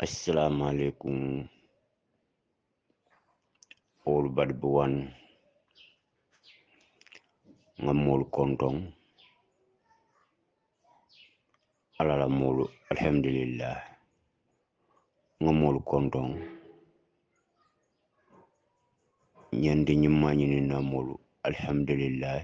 assalamu alaikum all bad buwan ngammol konton alala molu alhamdulillah ngammol konton ñandi na namolu alhamdulillah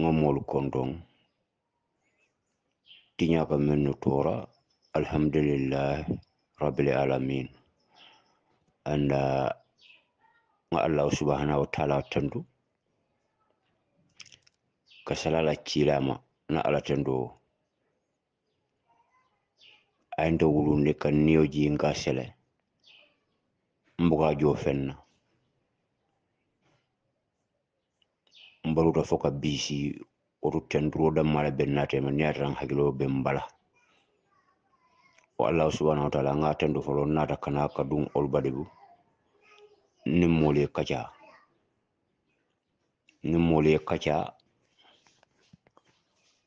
ngammol konton tiñaka ñaka melnu tora alhamdulillah rabbil alamin anda uh, mo allah subhanahu wa taala tandu kasalala kilama na ala tandu ayinta wulunde kan niyo jinga sele mbuga jo fenna mbaruta fo bisi otu tenduro dammala ben natema ni atan hakkilo ben mbala wa allah subhanahu wa taala nga tendu folo nata kana ka dun olu badigu nin moolu ye kaca nin moolu ye kaca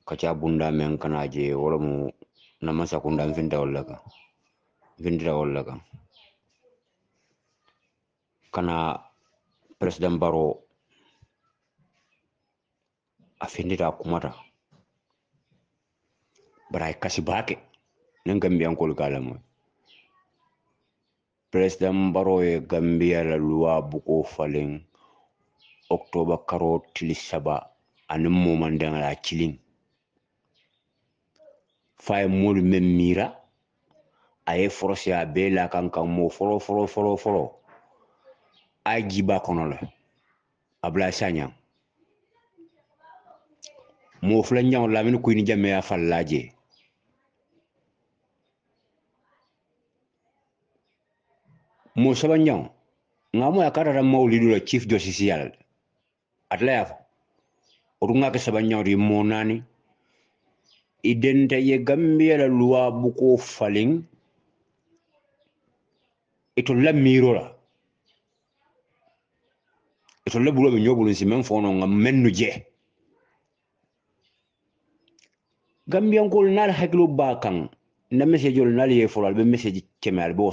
kaca bunda men kana je wala mu na masa kunda nfinta walla kan nfintita walla kan kana president baro a kumata bara ye kasi nin gambiyan kol kalamo president baro ye gambiya la luwa buko falen oktoba karo tili saba ani momandan la kilin fa ye molu men mira a ye fɔrɔsi a bɛɛ la kan kan mo fɔlɔ fɔlɔ fɔlɔ fɔlɔ a jiba kɔnɔ abla a mo filɛ ɲaw lamini ko ni jamɛ a falla musaba nyaŋ ŋamo ya maulidu la chief justice yal atla yafo otu saba nyaŋ ti mo naani ye gambia la luwa buko faliŋ itolla miiro la itolla bulo be ñobulun si fono ŋa mennu je gambiyankolu naal hakkilo baa kaŋ nna message olu naal ye folo be message keme be wo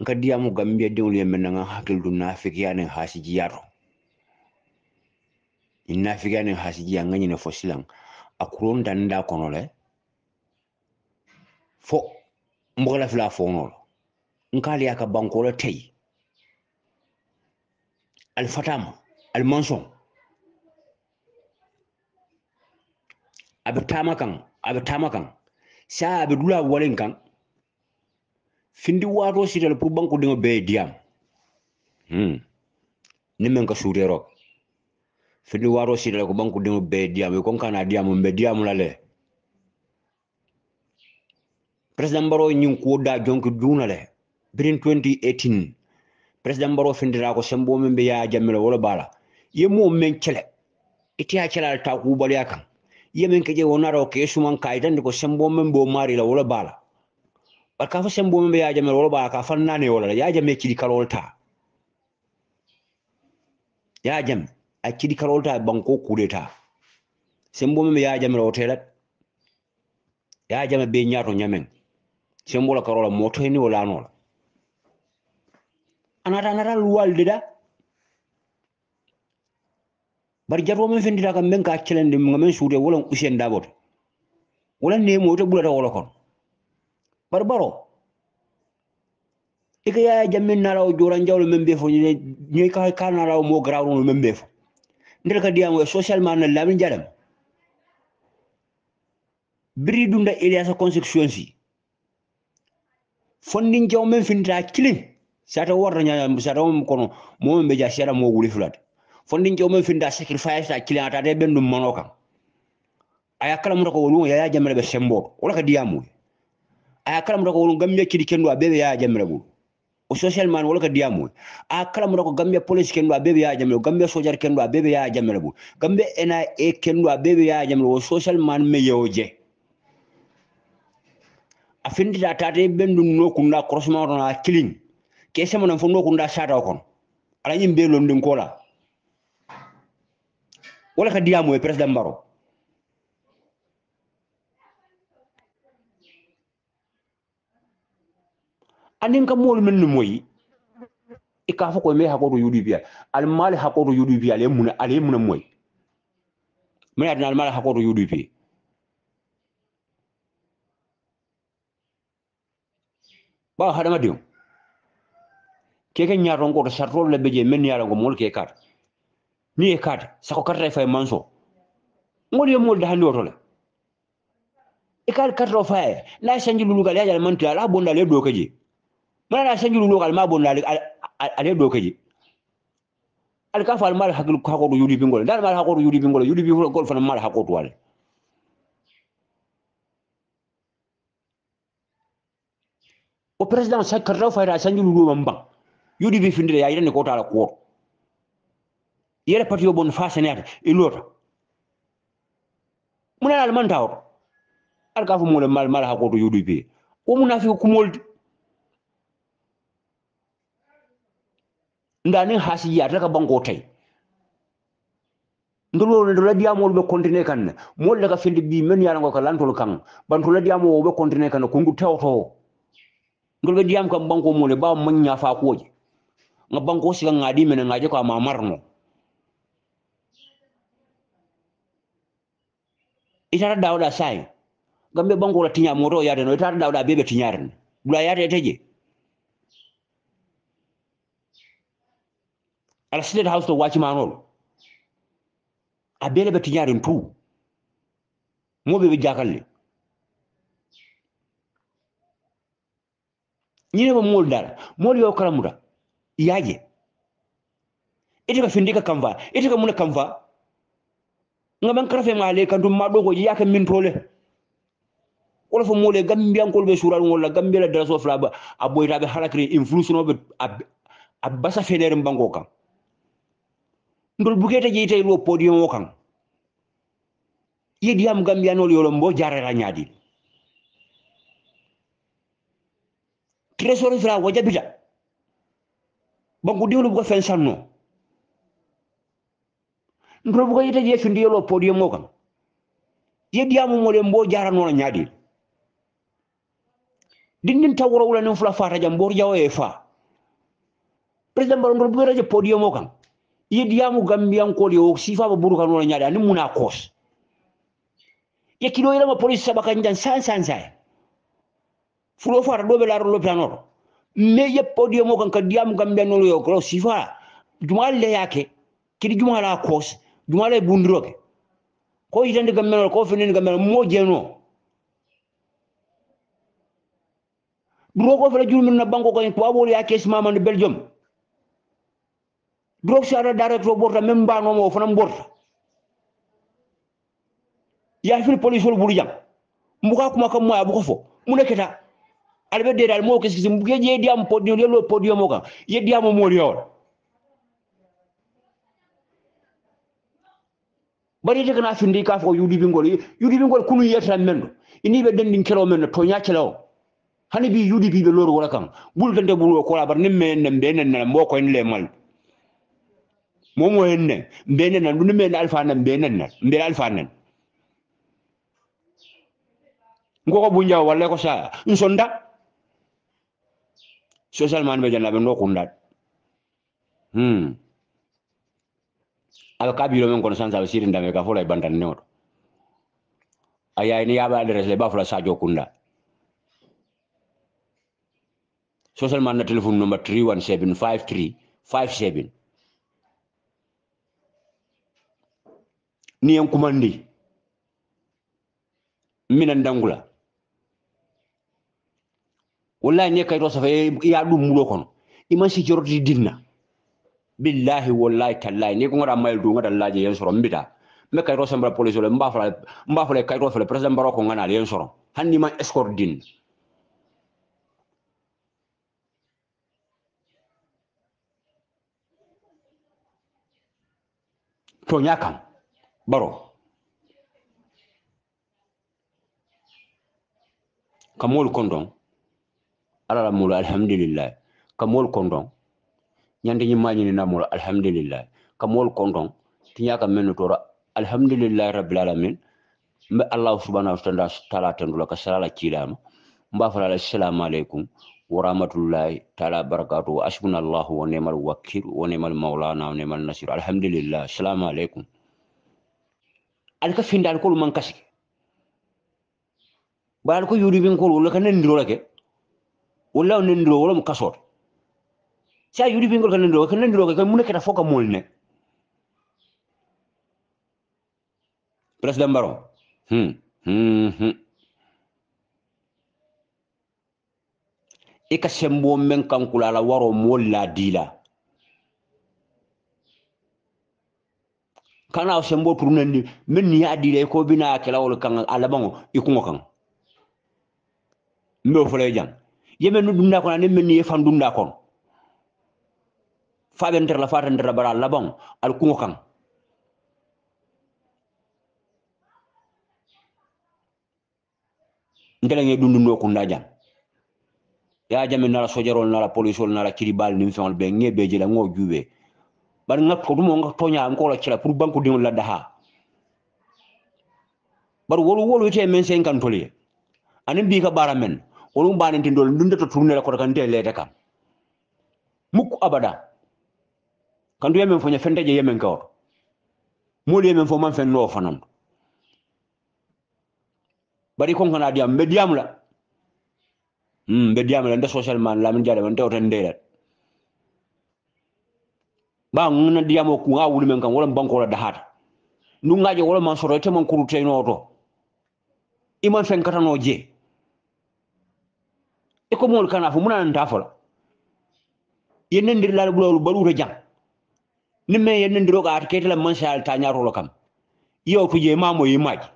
nka diyamu gambia diwlu ye menna nga hakil du nafikiya ne hasijiya to nafikiya ne hasijiya nga nyine fo silan akuron danda kono le fo mbola fila fo nolo nka liya ka banko le tey ali fatama ali manson abe tama kan abe tama kan sa abe dula walen kaŋ findi wato sital pour banko dinga be diam hmm ni men ka sure rok findi wato sital ko banko dinga be diam ko kana diam be diam la le president baro nyin ko da jonki duna le birin 2018 president baro findira ko sembo men be ya jamila wala bala ye mo men kele ite ya ta ku bali akan ye men ke je wonaro ke suman kaidan ko sembo men bo mari la wala bala barka fa sembo ba ya jamel wala ba ka ne wala ya jamel kidi karolta ya jam a kidi karolta banko kudeta sembo men ya jamel wotelat ya jama be nyato ñamen sembo bola karola moto ni wala no la anata anata walde da bar jarwo men fendi da kam men ka celen de ngamen suude wala usen dabot wala ne moto bulata wala kon barbaro ika jamin na raw joran jawlo men be fo ñoy ka ka na raw mo no men be fo ndel ka diyamo e socialement na lamin jaram bri dunda eliasa constituency fondin jaw men finta kilin sata warra ñaña sata mom kono men be ja sera mo wuli fulade fondin jaw men finta sacrifice ta kilin atade ɓen ɗum mano kan aya kala muta ko wonu ya ya jamel be sembo wala ka diyamuy akala kala mura ko kiri kendo a bebe ya jamira mu o social man wala ka diamu akala kala mura gambia police kendo a bebe ya jamira gambia sojar kendo a bebe ya jamira mu gambia ena e kendo a bebe ya jamira o social man me yoje afindi findita tate bendu no kunda crossement na killing kese mo nan fo kunda shata kon ala nyimbe londin kola wala ka diamu e president baro anin ka moolu men no moyi i ka fo koye me hakoto yuɗi biya almaali hakoto yuɗi biya ale muna ale muna moyi min adina almaali hakoto yuɗi biye ɓawa haɗamadio keke ñatonkoto sartolo lebbe je men yaranko moolu ke kaata ni e kaata sako karata e faye manso ngol yo moolu dahandi otole e kaari karata o faya nda sanji lulugal yajal mantoya ala bonda ale ɗo ka je mana asanjulu lo kalma bon ale ale do kaji al kafa al mal hakil ko hakoto yuli bingol dal mal hakoto yuli bingol yuli bingol gol fana mal hakoto wala o president sakkarta fayta sanjulu lo mamba yudi bi findire ya yidane ko tala ko yere patio bon fasenata ilota munal al mantawto al kafa mo mal mal hakoto yuli bi o munafiki kumolde ndani hasi ya taka bango tay ndolo ndola diamo be kontine kan mol daga findi bi men yara ngo kala ndol kan bantola diamo be kontine kan ko ngu tawto ndol be diam kam banko mole ba man nya fa ko je nga banko siga ngadi men ngaje ko ma marno itara dawda sai gambe banko la tinya moto yade no itara dawda bebe tinyaren dula yade teje ala state house to wakimanol a bele be be tu moɓe ɓe jakalle ñinema moolu dala moolu yo karamuta yaaje ite ka findi ka kamfa ite ka muna kamfa ngaman karafe ngale kantum ma ɗo ko yaka min tole wala fo moole gambiyankol ɓe sural ngol la gambiyala daraso fla a ɓoytaɓe halakre inflution oɓe a basa fenere bango kan ndol buketa jeyta lo podium o kan yediyam gambiyanol yolo mbo jarera ñaadi tresori fira wajabita banku diwlu buka fen sanno ndol buka yeta jesu ndi lo podium o kan mo le mbo jaranola ñaadi dindin tawro wula nin fula fata jam bor jawo e fa president bu buka podium o yediyamu gambiyankole o oh, sifaɓe buruka nona ñaade ani muna ya yekkino yelama police saɓa kan jan san san sae fulo fata ɗo ɓe laaro lopitanoto mais yeppo ɗiyamo kan ka diyamu gambiyanolo yo kolo sifa jumala leyake kidi jumala koos jumala e bundiroke ko yitande gambiyanol ko fenani gambiyanol mo jeeno duro ko fela julmirna banko kañ tuwaɓol ya kes mamande belgium drop shara direct o borta même mbanomo o fana borta yafil police wol ɓuri jam mbuka kuma kam moya buko fo ne keta aɗa ɓe deede aɗa mo kiskisi mbuke yeddiyama podium yello podium o kam yeddiyama mooli hewol mbaɗi de kana finde ka fo yuɗiɓingol yuɗiɓingol kunu yiyatan men ɗo ini ɓe denndin kelo men no toña kela o hani bi yudi bi be yuɗiɓiɓe looru wora kam ɓuldande ɓuuro kola bar nen menen nen mbe nen nana mbokoyen le mallu momo henne mbene nan dunu men alfa nan mbene nan mbene alfa nan ngoko bunja wala ko sa nsonda social man be janna be no kunda hmm al kabilo men kono sanza sirin dame ka fola bandan ne aya ni yaba adres le bafula sajo kunda social man na telephone number 3175357 ni yankumandi mina ndangula wallahi ne kayto safa eh, ya ɗum muɗo kono iman si jorodi dinna billahi wallahi tallahi ni ko gaɗa mayel du gaɗa laaje yen soro mbita mbe kayto sembra police ole mbafala mbafala kayto fele président mbaro ko ganal yen soro hanni ma escorte din to ñakam baro kamol moolu kondon ala la mulu alhamdulillah kamol moolu kondon ñande ñi mañini na mulu alhamdulillah kamol moolu kondon ti ñaka mennu tora alhamdulillah rabbil alamin mbe allah subhanahu wa taala tendula ka salala kilama mba fala la assalamu alaikum wa rahmatullahi taala barakatuhu allah wa ni'mal wakil wa ni'mal maulana wa ni'mal nasir alhamdulillah assalamu alaikum alka findankolu man kasi bara alko yuɗiɓinkolu walla ka nandirolake walla o nandiro wala mo kasoto si a yuɗiɓinkol ka nandiroke ka nandiroke ka mune keta fo ka molne président baron hmm. Hmm, hmm. i ka sembo waro moolu la kana sembo turunandi min ya dire ko bina kala wol kan alabango ikungo kan mbe fole jang yeme nu dunda ko ne min ye fan dunda kon fa ben ter la fa ter bara labang al kungo kan ndele ngi dundu no ko ndaja ya jame nala sojarol nala polisol nala kiribal nim fenol be ngebe jela ngo juwe bari nga to dum nga to nyaam ko la kila pour banku dingol la daha bar wolu wolu te men sen kan tole bi ka bara men wolu banen tin dol ndunde to turne ko kan tele ta kam mukku abada kan du yemen fo nya fente je yemen ka wor molu yemen fo man fen no fanan bari kon kana diam be diam la hmm be diam la nda social man la min jare man tewta ndeelat ba diya mo ku nga wuli men kan wala banko la dahata nu ngaje wala man soro te man kuru no to iman fen katano je e ko mol kana fu munan tafala yenen dir laal bulol balu to jam ni me yenen ndiro ga at ketela man shal ta nyaro lo kam yo ku je mamo yi maji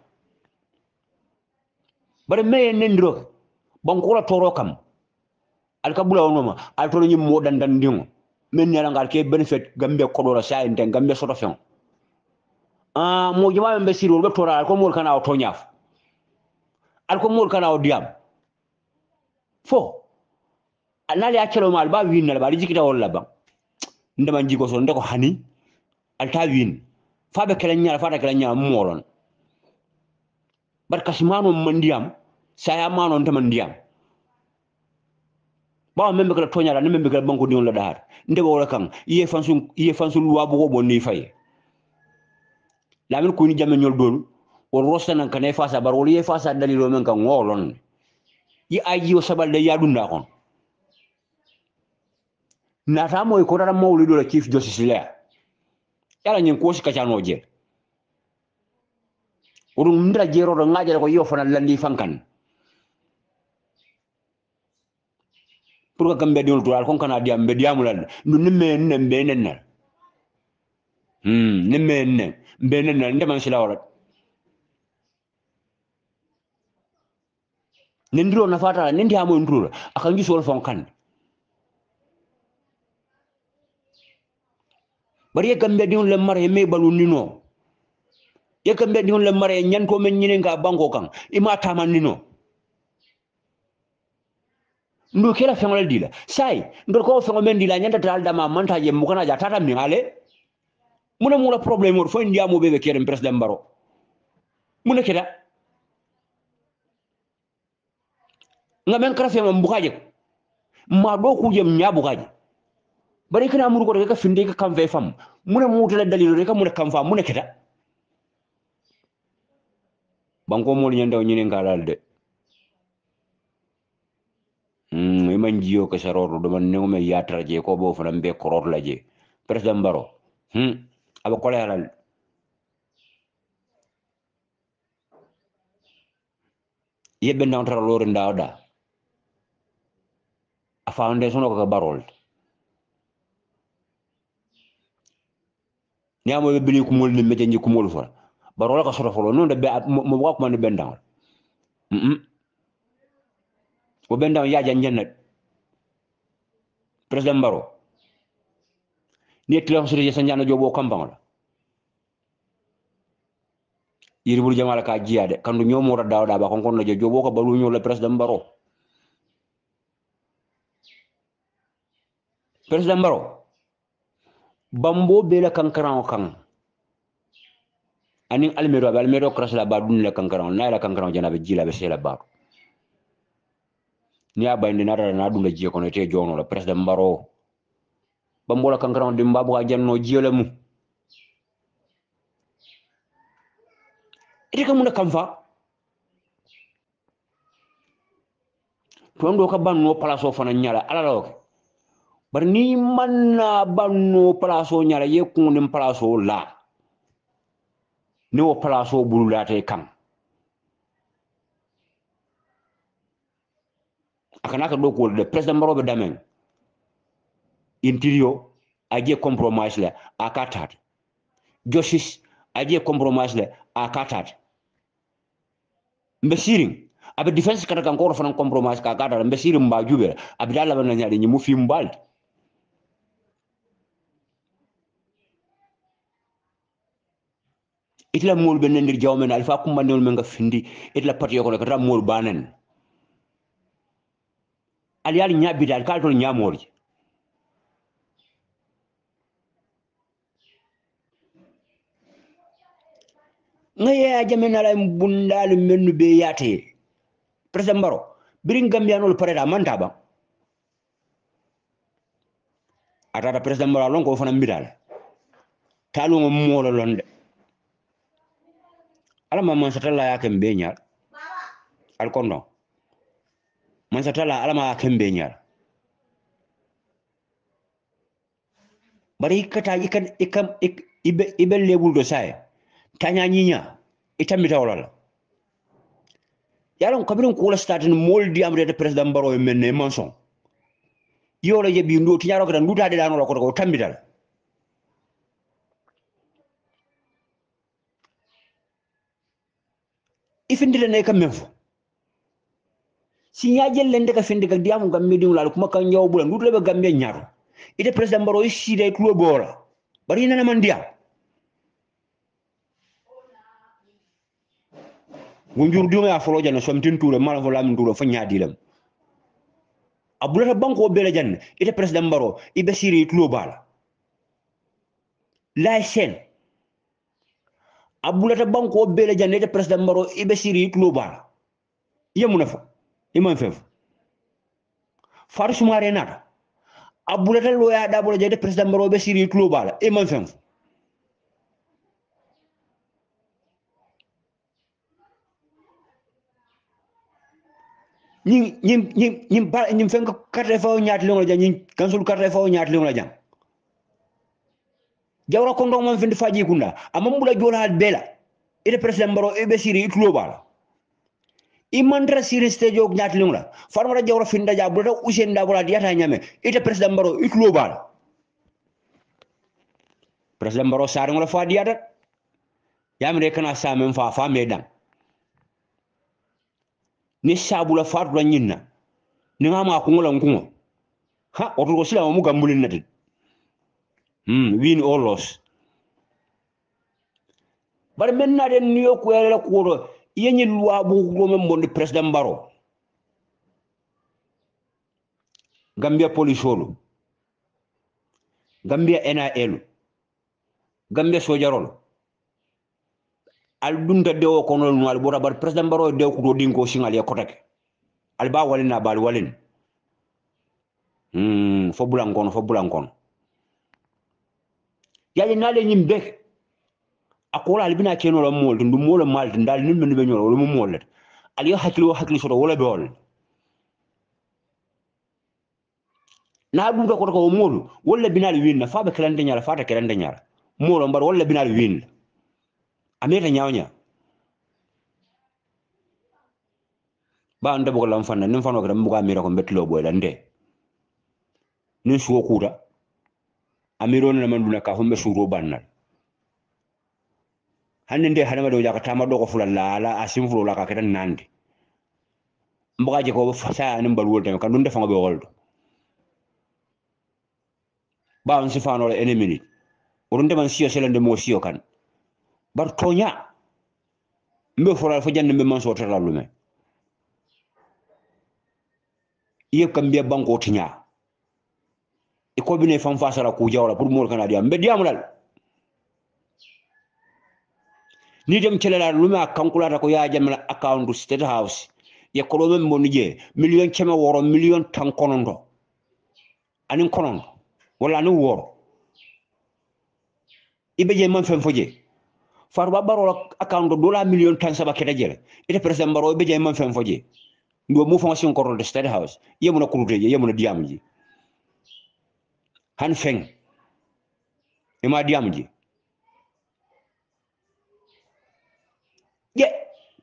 bare me yenen ndiro banko la toro kam kabula wonoma toro nyim mo dandan dingo min ngal ke benefit gambe ko koɗora sa en den gambe soto fen ah mo mojomaɓe ɓe siri oɓe toraal ko mol kana o to al ko mol kana o diam fo anali akelo mal ba win winnala ba ri jikita wol laban ndeman jiko so nde hani al ta win fa be kela ñala fa ta ñala moolon bat kasimano ma mandiam saya mano ntema ndiyam ba membe ko toñala ne membe ko banko dion la dar ndego wala kan fansu ye fansu fansun wabu ko bon ni fay min ko ni jamme ñol dool wol rosta nan ka ne fasa bar wol ye fasa dalilo men kan ngolon yi aji o sabal de yadunda kon ta moy ko dara mawlidu la chief justice la yala ñen ko ka kacano je odum ndra jero do ngajere ko yo fana landi fankan pour que kambe diul tural kon kana diam be diamulal nimme ne be nenna hmm nimme ne be nenna ndema sila wala nendiro na fata nendi amo nduro akangi sol fon kan bari kambe diul le mare me balu nino ye kambe diul le mare nyan ko men nyine nga bango kan ima taman nino ndo kela fengole dila sai ndo ko fengo men dila nyanda dal dama manta je mukana ja tata mi ngale muna mula problem wor fo ndia mo bebe kerem president baro muna keda ngamen kara fengo mbukaje ma do ku je nyabu kaje bari kana muru ko ka finde ka kam ve fam muna mutala dalilo re muna kam fam muna keda bangko mo nyanda nyine de jiyo ke saroro do man ne ya yatra je ko bo fana be koror la je president baro hm aba ko la yebbe ndawtara lori ndawɗa a foundation o koko barol niyamo ɓe bini kumol ni meje ji kumol fota barol ka soto folo noon mo wakumande ɓen dawol o ɓen daw jan jannat président mbaro netti lo sura je sanjano jobo kambangola yiribul jamala ka jiyade kandu ñomora dawda ba konkon no je jobo ko balu ñola président mbaro président mbaro bambo bela kankaran kan anin almero ba almero krasla ba dunla kankaran na la kankaran jana jila be sela ba ni a bayinde nata na dunda jiye kono ite jono la president mbaro bambola kankara de mbabu ha janno jiyele mu ite kamuna kamfa tondo ka banno palaso fana nyala ala loke bar ni manna banno palaso nyala ye kunin palaso la ni wo palaso bululate kan akana ka do ko de president maro be damen interior aje compromise le akatat justice aje compromise le akatat mbesiring abe defense kada kan ko fanan compromise ka akatat mbesiring mba jube abe dala bana nyaade nyi mu fi mbalde itla mool be nendir jawmen alfa kumbandewol men ga findi itla patiyo ko kata mool banen ali ali nyabiri ali kali nyamori ngaye ajame nala e bundal mennu be yate president baro birin gambianol pareda mantaba atata president baro lon ko fana mbidala taluma molo londe ala mamman satalla yakem be nyaal al kondon mansa tala alama kembe nyara bari ikata ikan ikam ik, ibe ibe lebul do sai tanya nyinya ita mita wala yaron kabirin kula statin moldi amre da president baro men ne manson yoro je bi ndo tinyaro kada nduta de dano ko ko tambidal ifindile ne kam men fo si lende ka fendi ka diyamu gamme diŋulaalu kuma kan bulan nduutule be gamme ñaro ite président baro i siida i tulo boola bari inanaman diyam wonjur diŋo ye folo suam tin tura mala fo lamin tura fanya ñaadilam a bulata banko bele janna ite président baro i be siiri i tulo sen abula ra bangko bele janna ite président baro i be siiri i iman fef faru sumare nata abulata loya da bolo jade president be siri tulo bala iman fef ñing ñim ñim ñim ba ñim fenk carte fa ñaat leŋo la jang ñing kansul carte fa ñaat leŋo la jang jawra ko ndong mom fendi faji kunda amam bula jola bela ile president mbaro e be siri tulo bala imandra siri stage ok nyat lungra farmara jawra finda jabura usen dabura diata nyame ite president baro iklo bala president baro sar ngola fa diata yamre kana samen fa fa medan ni sabula fatula nyinna ni ngama kungola nkungo ha otugo sila mu gambulin natin hmm win or loss bar menna den niyo ko yele ko Yenye lwa mwen bon de presden baro. Gambia polisou loun. Gambia ena elou. Gambia sou jarou loun. Al bun de deo konon loun al bora bari. Presden baro e deo kou do dinko singa li akotak. Al ba wali na bali wali. Hmm, fob langon, fob langon. Yenye nale njim dek. akola ali bina keno la mol dum mol mal dal nim men be nyol wala mo mol ali hakli wo hakli soto wala bol na bu ko ko mol wala bina ali winna fa be de nyara fa ta de nyara mol mbar wala bina win winna ameta nyawnya ba anda bogo lam fanna nim fanno gram buga mira ko betlo boy la nde nin suwo kuda amiro na man duna ka hombe suro banal hanne de hanama ɗo jaka ya tama ɗo ko fulalla ala a nandi ka ketan nande mbokaje ko saya anin baluwol tame kan ɗum defago ɓe wolɗo ɓawan sifanole ene minute oɗon ndeman siyo selande mo siyo kan bar toña mbe fulal fo jande mbe man so lume iyo kam bang banko tiña e kobine fam fasara kujawla pour mol mbe ni dem lume luma kankulata ko ya jamala account state house ye ko men moni je million woro milion tan konondo anin konondo wala ni woro ibe je man fen foje la babaro account dola milion tan saba keda jere ite president baro ibe je man fen foje ndo mu fonction ko de state house ye mo na ye mo na diamuji han feng e ma diamuji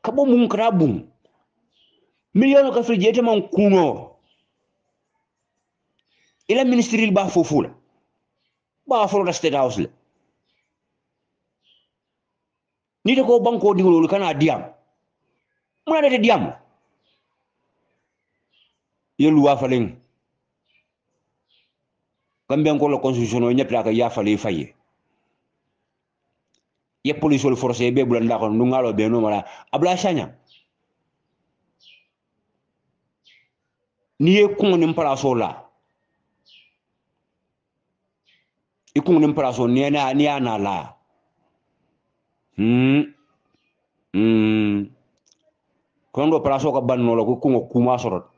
kabo mun krabum miliyono ka jete man kuno ila ministril ba la ba fofu da state house la ni ko banko lolou kana diam muna de diam yelu wa falen kambe ko la constitution o nyepla ka ya fale ya faye ye ya polisol forcé ya, be bulanda kono ndungalo be no mala abla shanya ni ye kuŋo niŋ palaso la ikun ni niŋ ni ana ni ye la hmm hmm kondo palaso ka banno la ko kuma sorot